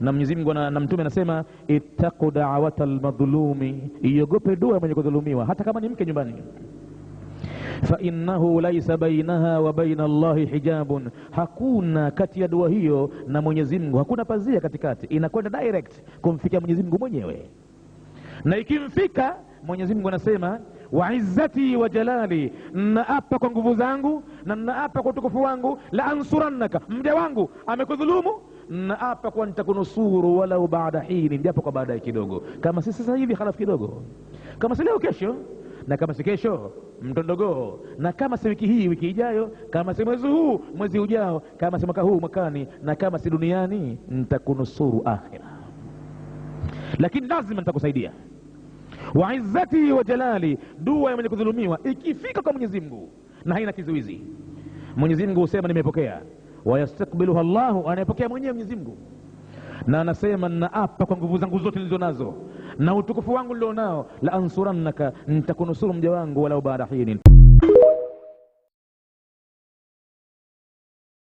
na Mwenyezi Mungu na, mtume anasema ittaqu dawata almadhlumi, iogope dua mwenye kudhulumiwa, hata kama ni mke nyumbani fa innahu laisa bainaha wa baina Allahi hijabun, hakuna kati ya dua hiyo na Mwenyezi Mungu hakuna pazia katikati, inakwenda direct kumfikia Mwenyezi Mungu mwenyewe, na ikimfika Mwenyezi Mungu anasema wa izzati wa jalali, nnaapa kwa nguvu zangu na naapa kwa utukufu wangu. La ansurannaka, mja wangu amekudhulumu, naapa kuwa nitakunusuru walau baada hini, japo kwa baadaye kidogo, kama si sasa hivi, halafu kidogo, kama si leo, kesho na kama si kesho mtondogoo, na kama si wiki hii, wiki ijayo, kama si mwezi huu, mwezi ujao, kama si mwaka huu, mwakani, na kama si duniani, nitakunusuru akhira, lakini lazima nitakusaidia wa izzati wa jalali, dua ya mwenye kudhulumiwa ikifika kwa Mwenyezi Mungu na haina kizuizi, Mwenyezi Mungu husema nimepokea. yastakbiluha Allahu, anayepokea mwenyewe Mwenyezi Mungu na anasema naapa kwa nguvu zangu zote nilizo nazo na utukufu wangu nilionao, la ansurannaka, nitakunusuru mja wangu, walau baada hini